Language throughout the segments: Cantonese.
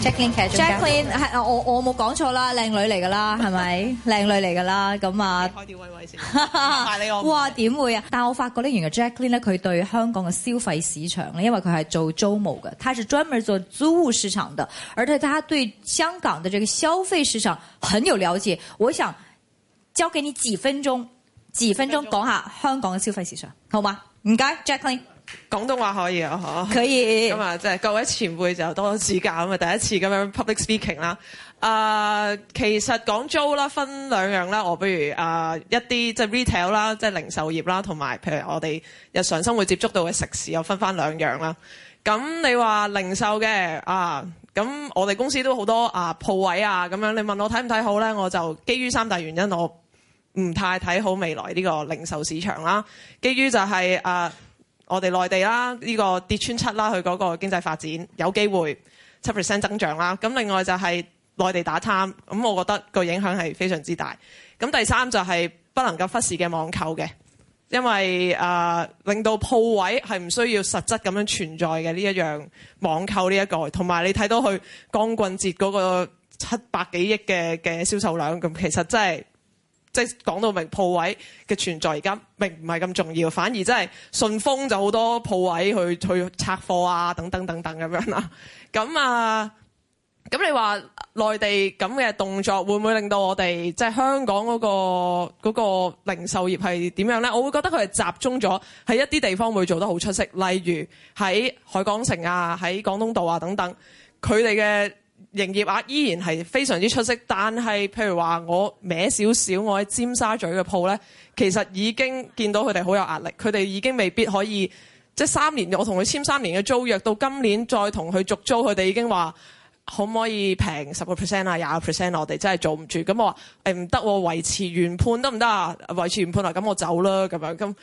Jacklyn，Jacklyn 係我我冇講錯啦，靚女嚟噶啦，係咪？靚 女嚟噶啦，咁啊。你開點喂喂先， 你我。哇，點會啊？但我發覺呢，原來 Jacklyn 咧，佢對香港嘅消費市場咧，因為佢係做租務嘅，佢係專門做租務市場㗎，而且他對香港嘅這個消費市場很有了解。 我想交給你幾分鐘，幾分鐘講下香港嘅消費市場，好嗎？唔該，Jacklyn。廣東話可以啊，可可以咁啊，即 係各位前輩就多多指教咁啊，第一次咁樣 public speaking 啦、呃。其實講租啦，分兩樣啦。我譬如、呃、一啲即係 retail 啦，即係零售業啦，同埋譬如我哋日常生活接觸到嘅食肆，又分翻兩樣啦。咁你話零售嘅啊，咁我哋公司都好多啊鋪位啊，咁樣你問我睇唔睇好咧，我就基於三大原因，我唔太睇好未來呢個零售市場啦。基於就係、是、誒。啊我哋內地啦，呢、這個跌穿七啦，佢嗰個經濟發展有機會七 percent 增長啦。咁另外就係內地打貪，咁我覺得個影響係非常之大。咁第三就係不能夠忽視嘅網購嘅，因為誒、呃、令到鋪位係唔需要實質咁樣存在嘅呢一樣網購呢一個，同埋你睇到佢光棍節嗰個七百幾億嘅嘅銷售量，咁其實真係。即係講到明鋪位嘅存在，而家並唔係咁重要，反而真係順豐就好多鋪位去去拆貨啊，等等等等咁樣啦。咁啊，咁你話內地咁嘅動作會唔會令到我哋即係香港嗰個嗰個零售業係點樣呢？我會覺得佢係集中咗喺一啲地方會做得好出色，例如喺海港城啊、喺廣東道啊等等，佢哋嘅。營業額依然係非常之出色，但係譬如話我歪少少，我喺尖沙咀嘅鋪咧，其實已經見到佢哋好有壓力。佢哋已經未必可以即係三年，我同佢簽三年嘅租約，到今年再同佢續租，佢哋已經話可唔可以平十個 percent 啊，廿個 percent 我哋真係做唔住。咁我話誒唔得，欸、我維持原判得唔得啊？維持原判啊，咁我走啦咁樣。咁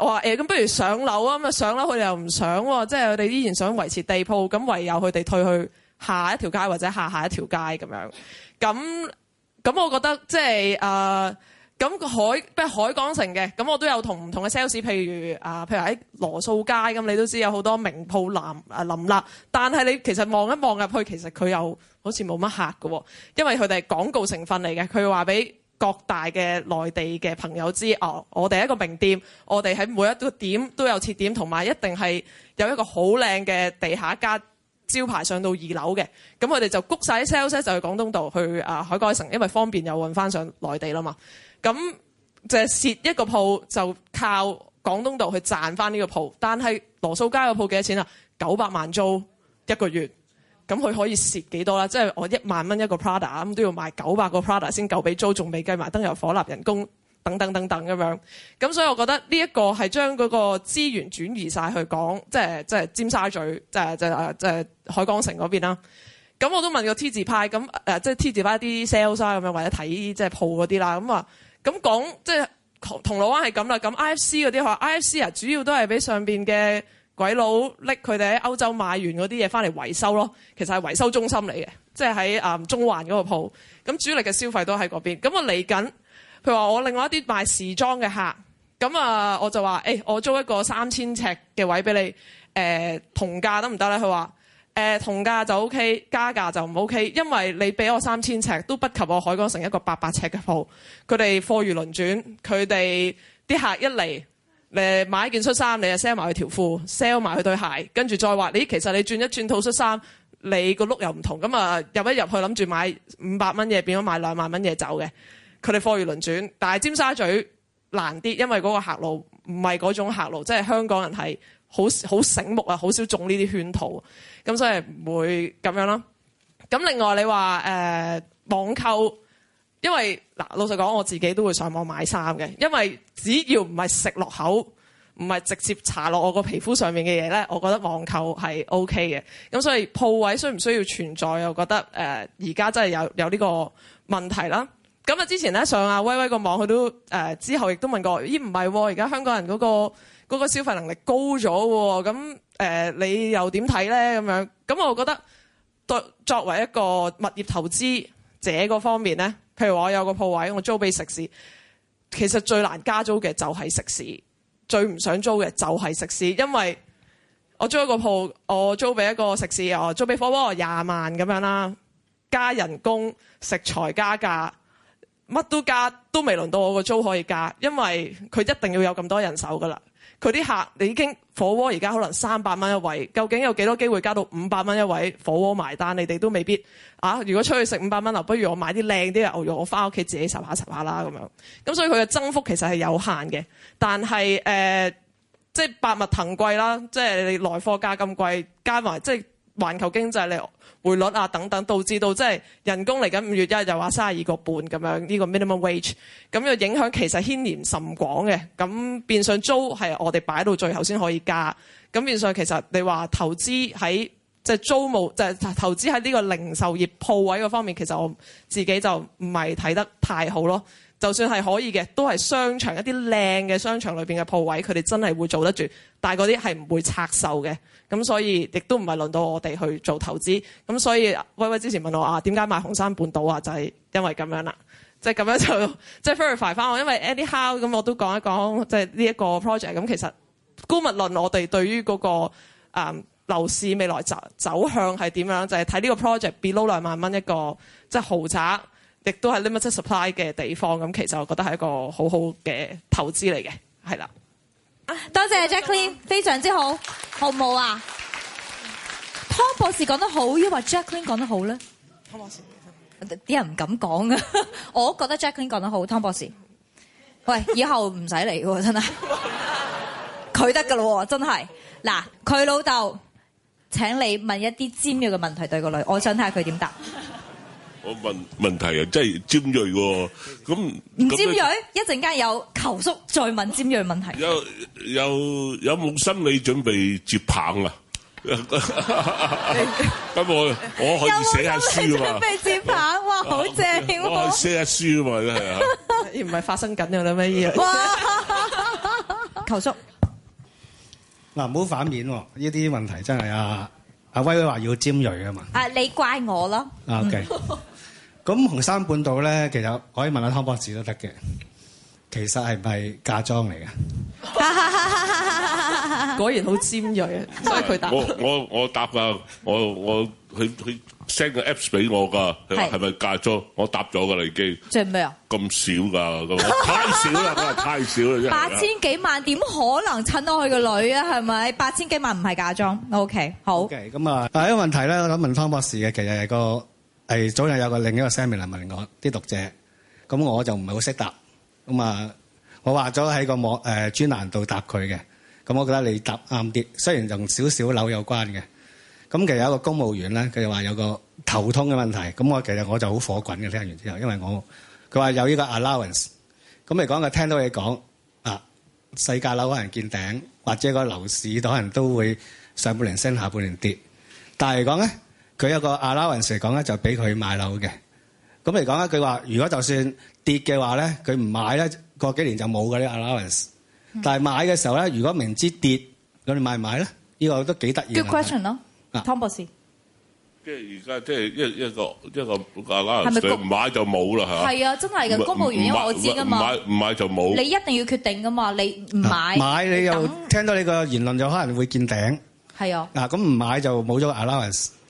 我話誒，咁、欸、不如上樓啊？咁啊上樓，佢哋又唔想、啊，即係佢哋依然想維持地鋪，咁唯有佢哋退去。下一條街或者下下一條街咁樣，咁咁我覺得即係誒，咁、呃、海咩海港城嘅，咁我都有同唔同嘅 sales，譬如誒，譬如喺、呃、羅素街咁，你都知有好多名鋪林誒、呃、林立，但係你其實望一望入去，其實佢又好似冇乜客喎，因為佢哋係廣告成分嚟嘅。佢話俾各大嘅內地嘅朋友知，哦，我哋一個名店，我哋喺每一個點都有設點，同埋一定係有一個好靚嘅地下間。招牌上到二樓嘅，咁佢哋就谷晒啲 sales 就去廣東道去啊海港城，因為方便又運翻上內地啦嘛。咁就蝕一個鋪就靠廣東道去賺翻呢個鋪。但係羅素街個鋪幾多錢啊？九百萬租一個月，咁佢可以蝕幾多啦？即係我一萬蚊一個 Prada 咁都要賣九百個 Prada 先夠俾租，仲未計埋燈油火蠟人工。等等等等咁樣，咁所以我覺得呢一個係將嗰個資源轉移晒去講，即係即係尖沙咀，即係即係即係海港城嗰邊啦。咁我都問過 T 字派，咁誒即係 T 字派啲 sales 咁樣或者睇即係鋪嗰啲啦。咁話咁講，即係銅銅鑼灣係咁啦。咁 IFC 嗰啲話話，IFC 啊，主要都係俾上面嘅鬼佬拎佢哋喺歐洲買完嗰啲嘢翻嚟維修咯。其實係維修中心嚟嘅，即係喺誒中環嗰個鋪。咁主力嘅消費都喺嗰邊。咁我嚟緊。佢話：我另外一啲賣時裝嘅客，咁啊，我就話：誒、欸，我租一個三千尺嘅位俾你，誒、欸，同價得唔得咧？佢話：誒，同價就 OK，加價就唔 OK，因為你俾我三千尺都不及我海港城一個八百尺嘅鋪。佢哋貨如輪轉，佢哋啲客一嚟，你買一件恤衫，你就 sell 埋佢條褲，sell 埋佢對鞋，跟住再話：咦、欸，其實你轉一轉套恤衫，你個碌又唔同。咁啊，入一入去諗住買五百蚊嘢，變咗買兩萬蚊嘢走嘅。佢哋貨如輪轉，但係尖沙咀難啲，因為嗰個客路唔係嗰種客路，即係香港人係好好醒目啊，好少中呢啲圈套，咁所以唔會咁樣囉。咁另外你話誒、呃、網購，因為嗱老實講，我自己都會上網買衫嘅，因為只要唔係食落口，唔係直接搽落我個皮膚上面嘅嘢咧，我覺得網購係 OK 嘅。咁所以鋪位需唔需要存在？我覺得誒而家真係有有呢個問題啦。咁啊、呃！之前咧上阿威威個網，佢都誒之後亦都問過，咦唔係喎？而家、哦、香港人嗰、嗰個嗰、嗰個、消費能力高咗喎、哦。咁誒、呃、你又點睇咧？咁樣咁我覺得作作為一個物業投資者嗰方面咧，譬如我有個鋪位，我租俾食肆，其實最難加租嘅就係食肆，最唔想租嘅就係食肆，因為我租一個鋪，我租俾一個食肆，我租俾火鍋廿萬咁樣啦，加人工、食材、加價。乜都加都未輪到我個租可以加，因為佢一定要有咁多人手噶啦。佢啲客你已經火鍋而家可能三百蚊一位，究竟有幾多機會加到五百蚊一位火鍋埋單？你哋都未必啊！如果出去食五百蚊啊，不如我買啲靚啲嘅牛肉，我翻屋企自己炒下炒下啦咁樣。咁所以佢嘅增幅其實係有限嘅。但係誒，即係百物騰貴啦，即係你來貨價咁貴，加埋即係。就是環球經濟你匯率啊等等，導致到即係人工，嚟緊五月一日又話三十二個半咁樣呢個 minimum wage，咁樣影響其實牽連甚廣嘅，咁變相租係我哋擺到最後先可以加，咁變相其實你話投資喺即係租務，即係投資喺呢個零售業鋪位嗰方面，其實我自己就唔係睇得太好咯。就算係可以嘅，都係商場一啲靚嘅商場裏邊嘅鋪位，佢哋真係會做得住。但係嗰啲係唔會拆售嘅，咁所以亦都唔係輪到我哋去做投資。咁所以威威之前問我啊，點解買紅山半島啊？就係、是、因為咁樣啦。即係咁樣就即係、就是、verify 翻我，因為 anyhow 咁我都講一講，即係呢一個 project。咁其實姑勿論我哋對於嗰、那個啊、嗯、樓市未來走走向係點樣，就係睇呢個 project below 兩萬蚊一個即係、就是、豪宅。亦都係 limited supply 嘅地方，咁其實我覺得係一個好好嘅投資嚟嘅，係啦。多謝 Jacklin，非常之好，好唔好啊？湯博士講得好，抑或 Jacklin 講得好咧？湯博士，啲 人唔敢講啊！ 我覺得 Jacklin 講得好，湯博士。喂，以後唔使嚟嘅，真係佢得噶咯，真係嗱。佢老豆，請你問一啲尖妙嘅問題對個女，我想睇下佢點答。我問問題又真係尖銳喎，咁唔尖銳，一陣間有求叔再問尖銳問題，有有有冇心理準備接棒啊？咁 你笑我我可,有有棒、啊、我可以寫下書啊嘛。有冇心理準備接棒？哇，好正哇，寫下書啊嘛，真係。而唔係發生緊㗎啦咩？嘢？啊，求叔嗱，唔好反面喎，呢啲問題真係啊阿威威話要尖銳啊嘛。啊，你怪我咯。o、okay. k 咁紅山半島咧，其實可以問下湯博士都得嘅。其實係唔係嫁妝嚟嘅？果然好尖銳啊！所以佢答。我我我答啊，我我佢佢 send 個 apps 俾我㗎，係咪嫁妝？我答咗㗎啦已經即係咩啊？咁少㗎，太少啦，太少啦， 八千幾萬點可能襯到佢個女啊？係咪？八千幾萬唔係嫁妝。O、okay, K，好。O K，咁啊，第、那、一個問題咧，我諗問湯博士嘅，其實係、那個。係早上有個另一個 Sammy 嚟問我啲讀者，咁我就唔係好識答，咁啊，我話咗喺個網誒、呃、專欄度答佢嘅，咁我覺得你答啱啲，雖然同少少樓有關嘅，咁其實有一個公務員咧，佢就話有個頭痛嘅問題，咁我其實我就好火滾嘅，聽完之後，因為我佢話有呢個 allowance，咁嚟講佢聽到你講啊，細價樓可能見頂，或者個樓市可能都會上半年升下半年跌，但係嚟講咧。佢有個 allowance 嚟講咧，就俾、是、佢買樓嘅。咁嚟講一句話，如果就算跌嘅話咧，佢唔買咧，過幾年就冇嗰啲 allowance。但係買嘅時候咧，如果明知跌，咁你買唔買咧？呢、這個都幾得意。Good question 咯。啊，湯博士。即係而家，即係一一個一個 allowance。唔買就冇啦，係嘛？係啊，真係嘅。公務員因為我知㗎嘛。唔買唔買就冇。你一定要決定㗎嘛？你唔買。啊、買你又聽到你個言論就可能會見頂。係啊。嗱咁唔買就冇咗 allowance。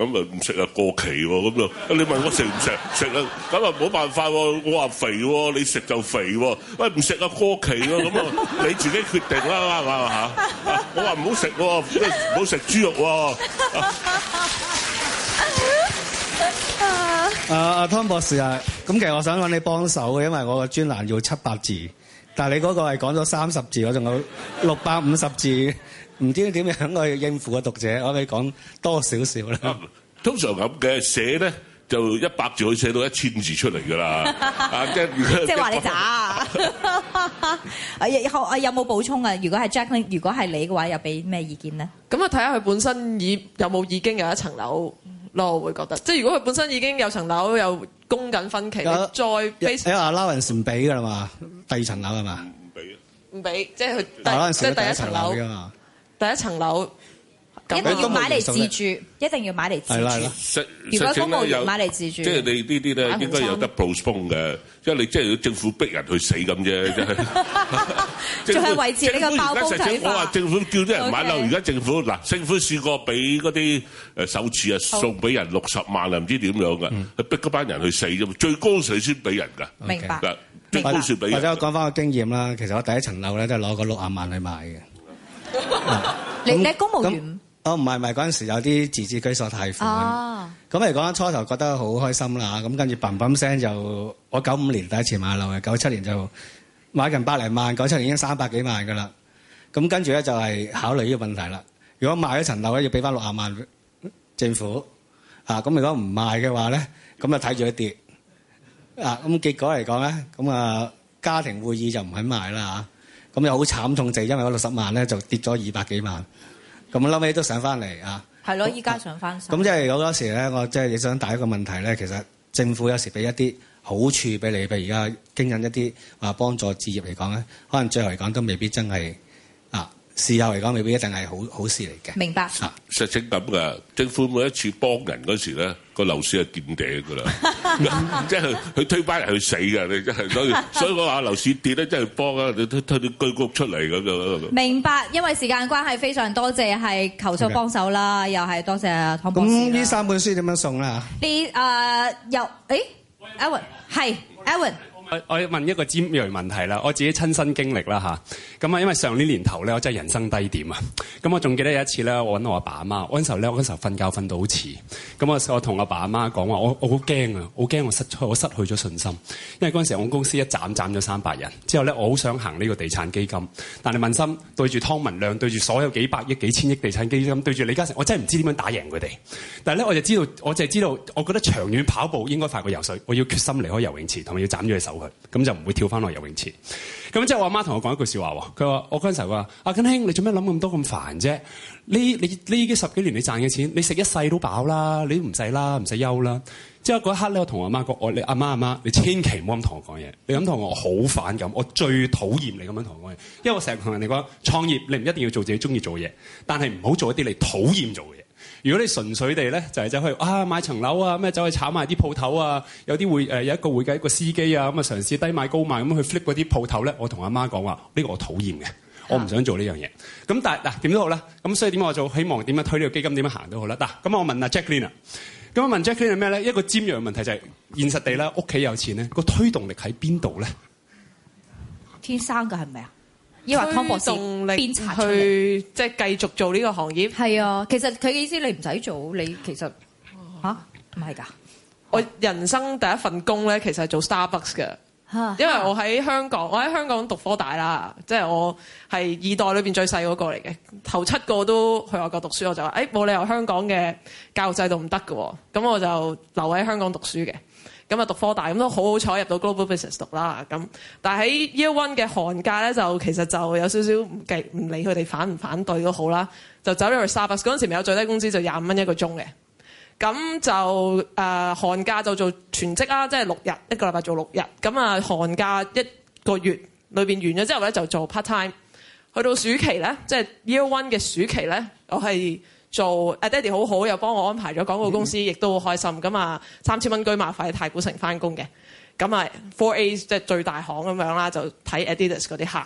咁咪唔食啊，過期喎，咁又你問我食唔食？食啊，咁啊冇辦法喎，我話肥喎，你食就肥喎，喂唔食啊，過期喎，咁啊你自己決定啦，啱 咪啊我話唔好食，唔好食豬肉喎、啊。啊啊湯博士啊，咁其實我想揾你幫手嘅，因為我個專欄要七百字。但你嗰個係講咗三十字，我仲有六百五十字，唔知點樣去應付個讀者，我可以講多少少啦。通常咁嘅寫咧就一百字可以寫到一千字出嚟㗎啦。即係話話你渣 啊，啊，啊！有冇補充啊？如果係 Jacqueline 如果係你嘅話，又俾咩意見咧？咁啊，睇下佢本身已有冇已經有一層樓。咯，我會覺得即係如果佢本身已經有層樓，又供有供緊分期，再 basic，你話撈人唔俾㗎啦嘛，第二層樓係嘛？唔俾，唔俾，即係佢即係第一層樓，第一層樓。一定要買嚟自住，一定要買嚟自住。如果公務員買嚟自住，即係你呢啲咧應該有得 postpone 嘅，即係你即係要政府逼人去死咁啫。仲係維持呢個爆煲睇法。我話政府叫啲人買樓，而家政府嗱，政府試過俾嗰啲誒首次啊送俾人六十萬啊，唔知點樣㗎，逼嗰班人去死啫嘛。最高稅先俾人㗎。明白。最高算俾人。我講返個經驗啦，其實我第一層樓咧都係攞個六十萬去買嘅。你咧公務員？哦，唔係唔係，嗰陣時有啲自置居所貸款。咁嚟講，初頭覺得好開心啦，咁跟住嘭嘭聲就，我九五年第一次買樓嘅，九七年就買近百零萬，九七年已經三百幾萬噶啦。咁跟住咧就係考慮呢個問題啦。如果賣咗層樓咧，要俾翻六廿萬政府。啊，咁如果唔賣嘅話咧，咁就睇住佢跌。啊，咁結果嚟講咧，咁啊家庭會議就唔肯賣啦嚇。咁又好慘痛滯，因為我六十萬咧就跌咗二百幾萬，咁嬲尾都上翻嚟啊！係咯，依家上翻。咁即係好多時咧，我即係想答一個問題咧，其實政府有時俾一啲好處俾你，譬如而家經引一啲話、啊、幫助置業嚟講咧，可能最後嚟講都未必真係啊。事後嚟講未必一定係好好事嚟嘅。明白。啊、實情咁嘅，政府每一次幫人嗰時咧，個樓市係見底嘅啦， 即係佢推翻人去死嘅，你真係。所以所以我話樓市跌咧，真係幫啊，你推推啲居屋出嚟嗰個。明白，因為時間關係，非常多謝係求助幫手啦，又係多謝湯博士。咁呢三本書點樣送啦？你又、uh, 誒、欸、a l w i n 係 a l w i n 我問一個尖銳問題啦，我自己親身經歷啦吓，咁啊因為上呢年頭咧，我真係人生低點啊，咁我仲記得有一次咧，我搵我阿爸阿媽，嗰時候咧，我嗰時候瞓覺瞓到好遲，咁我我同阿爸阿媽講話，我怕我好驚啊，好驚我失我失去咗信心，因為嗰陣時候我公司一斬斬咗三百人，之後咧我好想行呢個地產基金，但係問心對住湯文亮，對住所有幾百億、幾千億地產基金，對住李嘉誠，我真係唔知點樣打贏佢哋，但係咧我就知道，我就係知道，我覺得長遠跑步應該快過游水，我要決心離開游泳池，同埋要斬咗手。咁就唔會跳翻落游泳池。咁之後我阿媽同我講一句說話喎，佢話：我嗰陣時候話，阿根兄，你做咩諗咁多咁煩啫？呢你呢幾十幾年你賺嘅錢，你食一世都飽啦，你唔使啦，唔使休啦。之後嗰一刻咧，我同我阿媽講：我你阿媽阿媽，你千祈唔好咁同我講嘢，你咁同我好反感，我最討厭你咁樣同我講嘢。因為我成日同人哋講，創業你唔一定要做自己中意做嘢，但係唔好做一啲你討厭做嘅嘢。如果你純粹地咧，就係走去啊買層樓啊，咩走去炒賣啲鋪頭啊，有啲會、呃、有一個會計一個司機啊，咁啊嘗試低買高賣咁去 flip 嗰啲鋪頭咧，我同阿媽講話呢個我討厭嘅，我唔想做呢、啊啊、樣嘢。咁但係嗱點都好啦，咁所以點我就希望點樣推呢個基金點樣行都好啦。嗱、啊、咁我問阿 Jacqueline 啊、Jacqueline，咁我問 Jacqueline 係咩咧？一個尖鋭嘅問題就係現實地咧屋企有錢咧、個推動力喺邊度咧？天生嘅係咪啊？是推動力去即係繼續做呢個行業？係啊，其實佢嘅意思你唔使做，你其實嚇唔係㗎。我人生第一份工咧，其實係做 Starbucks 嘅。嚇、啊，因為我喺香港，我喺香港讀科大啦，即係我係二代裏邊最細嗰個嚟嘅。頭七個都去外國讀書，我就誒冇理由香港嘅教育制度唔得㗎。咁我就留喺香港讀書嘅。咁啊讀科大咁都好好彩入到 Global Business 讀啦，咁但係喺 Year One 嘅寒假咧就其實就有少少唔計唔理佢哋反唔反對都好啦，就走入去 Starbucks，嗰陣時未有最低工資，就廿五蚊一個鐘嘅，咁就誒寒假就做全職啦，即係六日一個禮拜做六日，咁啊寒假一個月裏面完咗之後咧就做 part time，去到暑期咧即係 Year One 嘅暑期咧我係。做阿 Daddy 好好，又幫我安排咗廣告公司，亦、嗯、都好開心咁啊！三千蚊居馬費，喺太古城返工嘅，咁啊 Four A 即係最大行咁樣啦，就睇 Adidas 嗰啲客，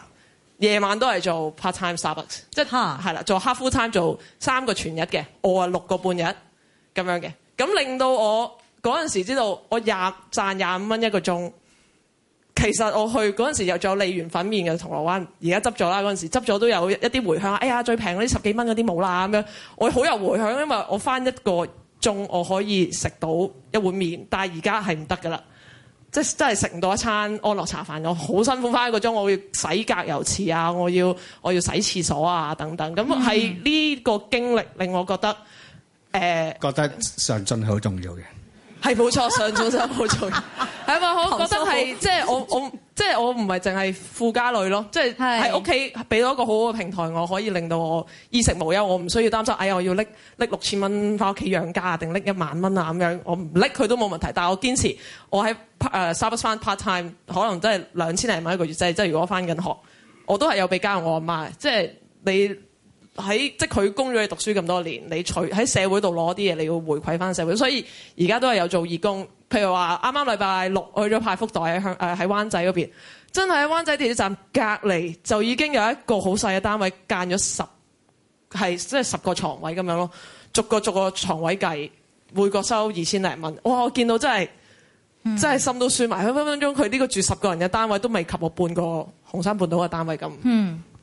夜晚都係做 part time Starbucks、啊、即係係啦，做 half time 做三個全日嘅，我啊六個半日咁樣嘅，咁令到我嗰陣時知道我廿賺廿五蚊一個鐘。其實我去嗰陣時又仲有利源粉麵嘅銅鑼灣，而家執咗啦。嗰陣時執咗都有一啲回響。哎呀，最平嗰啲十幾蚊嗰啲冇啦咁樣。我好有回響，因為我返一個鐘我可以食到一碗麵，但係而家係唔得㗎喇。即係真係食唔到一餐安樂茶飯。我好辛苦返一個鐘，我要洗隔油池啊，我要我要洗，洗廁所啊等等。咁係呢個經歷令我覺得，誒、呃、覺得上進係好重要嘅。係冇錯，上咗就冇錯，係 嘛？我覺得係 即係我我即係我唔係淨係富家女咯，即係喺屋企俾到一個好好嘅平台，我可以令到我衣食無憂，我唔需要擔心。哎呀，我要拎拎六千蚊翻屋企養家定拎一萬蚊啊咁樣，我唔拎佢都冇問題。但我堅持我，我喺誒 service 返 part time，可能真係兩千零蚊一個月係即係如果返翻緊學，我都係有俾家用我阿媽。即係你。喺即係佢供咗你讀書咁多年，你除喺社會度攞啲嘢，你要回饋翻社會，所以而家都係有做義工。譬如話啱啱禮拜六去咗派福袋喺香誒喺灣仔嗰邊，真係喺灣仔地鐵站隔離就已經有一個好細嘅單位間咗十係即係十個床位咁樣咯，逐個逐個床位計每個收二千零蚊，哇！我見到真係、嗯、真係心都酸埋，佢分分鐘佢呢個住十個人嘅單位都未及我半個紅山半島嘅單位咁咁、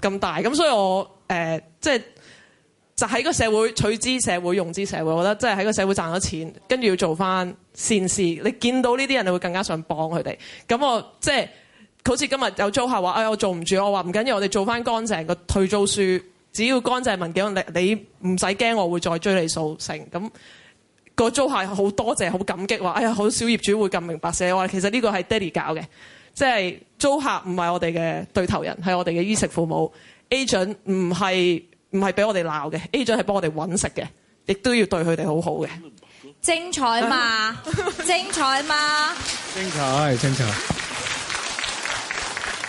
嗯、大咁，所以我。誒、呃，即係就喺、是、個社會取資，社會融資，用社會，我覺得即係喺個社會賺咗錢，跟住要做翻善事。你見到呢啲人，你會更加想幫佢哋。咁我即係、就是、好似今日有租客話：，哎呀，我做唔住。我話唔緊要緊，我哋做翻乾淨個退租書，只要乾淨文件，你你唔使驚，我會再追你數成。咁、那個租客好多謝,謝，好感激，話：，哎呀，好少業主會咁明白，寫話其實呢個係爹 y 搞嘅，即、就、係、是、租客唔係我哋嘅對頭人，係我哋嘅衣食父母。agent 唔係唔係俾我哋鬧嘅，agent 係幫我哋揾食嘅，亦都要對佢哋好好嘅。精彩嘛， 精彩嘛，精彩，精彩。